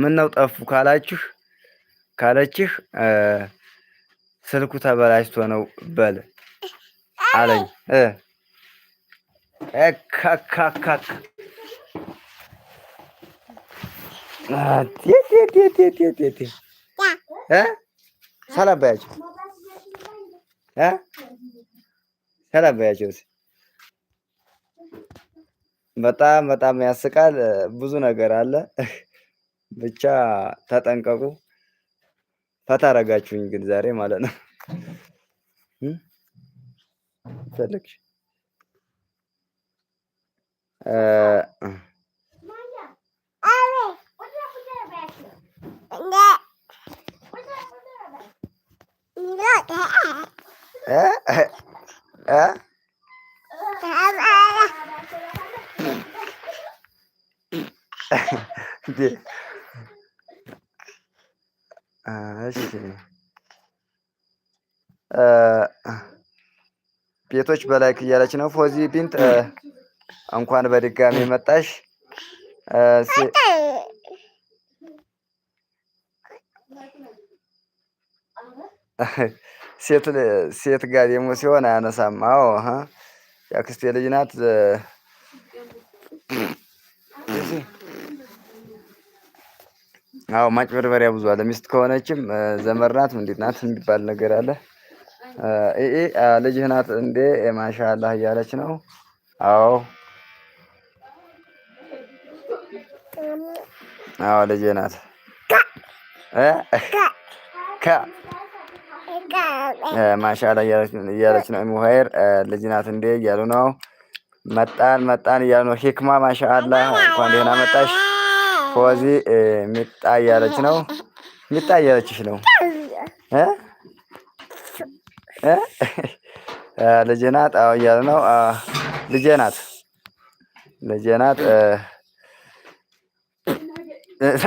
ምነው ጠፉ ካላችሁ ካለችህ ስልኩ ተበላሽቶ ነው በል አለኝ። ካካካክ ሰላም በያቸው፣ ሰላም በያቸው። በጣም በጣም ያስቃል። ብዙ ነገር አለ። ብቻ ተጠንቀቁ። ፈታ አረጋችሁኝ ግን ዛሬ ማለት ነው። ፈለግሽ እሺ ah, eh, ቤቶች በላይክ እያለች ነው። ፎዚ ቢንት እንኳን በድጋሚ መጣሽ። ሴት ጋር ደግሞ ሲሆን አያነሳም። አዎ አክስቴ ልጅ ናት። አዎ ማጭበርበሪያ ብዙ አለ። ሚስት ከሆነችም ዘመድ ናት እንዴት ናት የሚባል ነገር አለ። ልጅህ ናት እንዴ ማሻላህ እያለች ነው። አዎ አዎ ልጅ ናት ማሻላ እያለች ነው። ሙሀይር ልጅ ናት እንዴ እያሉ ነው። መጣን መጣን እያሉ ነው። ሂክማ ማሻአላ እንኳን ደህና መጣሽ። ፎዚ ሚጣ እያለች ነው። ሚጣ እያለችሽ ነው። ልጄ ናት። አዎ እያለ ነው። ልጄ ናት። ልጄ ናት።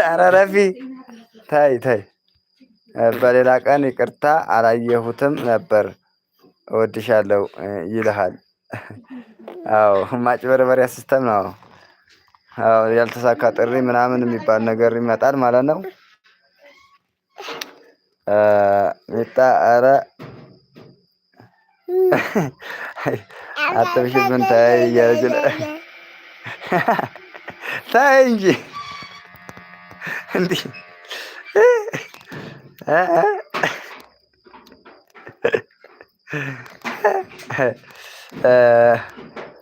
ኧረ ረፊ ታይ ታይ። በሌላ ቀን ይቅርታ አላየሁትም ነበር እወድሻለሁ ይልሃል። አዎ ማጭበርበሪያ ሲስተም ነው። ያልተሳካ ጥሪ ምናምን የሚባል ነገር ይመጣል ማለት ነው። ሚጣ አረ አትብሽብን ተይ እያለች ተይ እንጂ እንዲ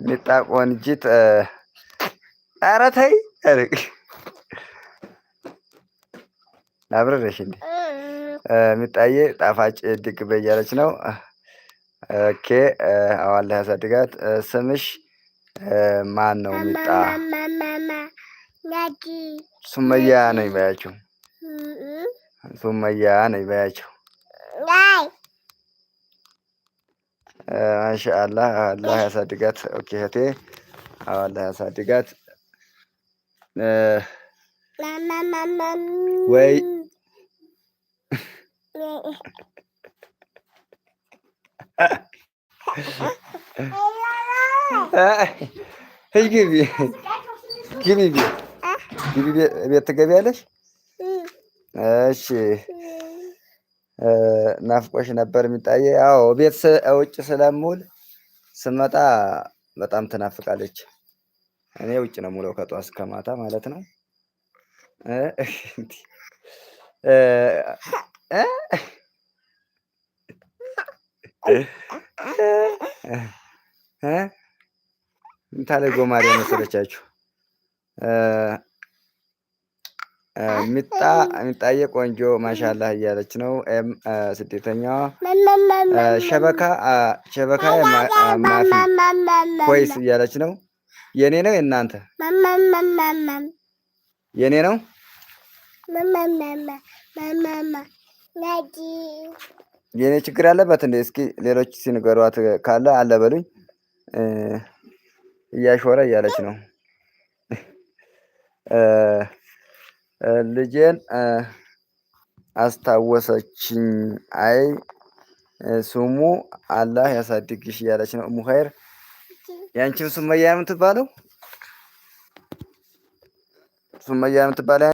ሚጣ ቆንጂት ኧረ ተይ አብረረሽ እንዴ የሚጣዬ ጣፋጭ ድግ በያለች ነው። ኦኬ አዋላ ያሳድጋት። ስምሽ ማን ነው? ሚጣ ሱመያ ነው ይበያቸው። ሱመያ ነው ይበያቸው። ማሻአላህ አላህ ያሳድጋት። ኦኬ እህቴ አዋላ ያሳድጋት። ወይ ግቢ ግቢ ግቢ ቤት ትገቢያለሽ? እሺ ናፍቆሽ ነበር የሚጣየ? አዎ ቤት ውጭ ስለምውል ስመጣ በጣም ትናፍቃለች። እኔ ውጭ ነው ሙለው ከጧት እስከ ማታ ማለት ነው። ምታለ ጎማሪ መሰለቻችሁ። ሚጣየ ቆንጆ ማሻላህ እያለች ነው። ኤም ስደተኛዋ ሸበካ ሸበካ ማፊ ኮይስ እያለች ነው። የኔ ነው የእናንተ? የኔ ነው የኔ ችግር ያለበት እንዴ? እስኪ ሌሎች ሲንገሯት ካለ አለ በሉኝ። እያሾረ እያለች ነው። ልጄን አስታወሰችኝ። አይ ስሙ አላህ ያሳድግሽ እያለች ነው ሙኸይር ያንቺም ሱመያ የምትባለው ሱመያ የምትባለ